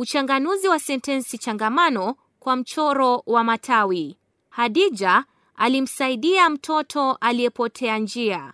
Uchanganuzi wa sentensi changamano kwa mchoro wa matawi. Hadija alimsaidia mtoto aliyepotea njia.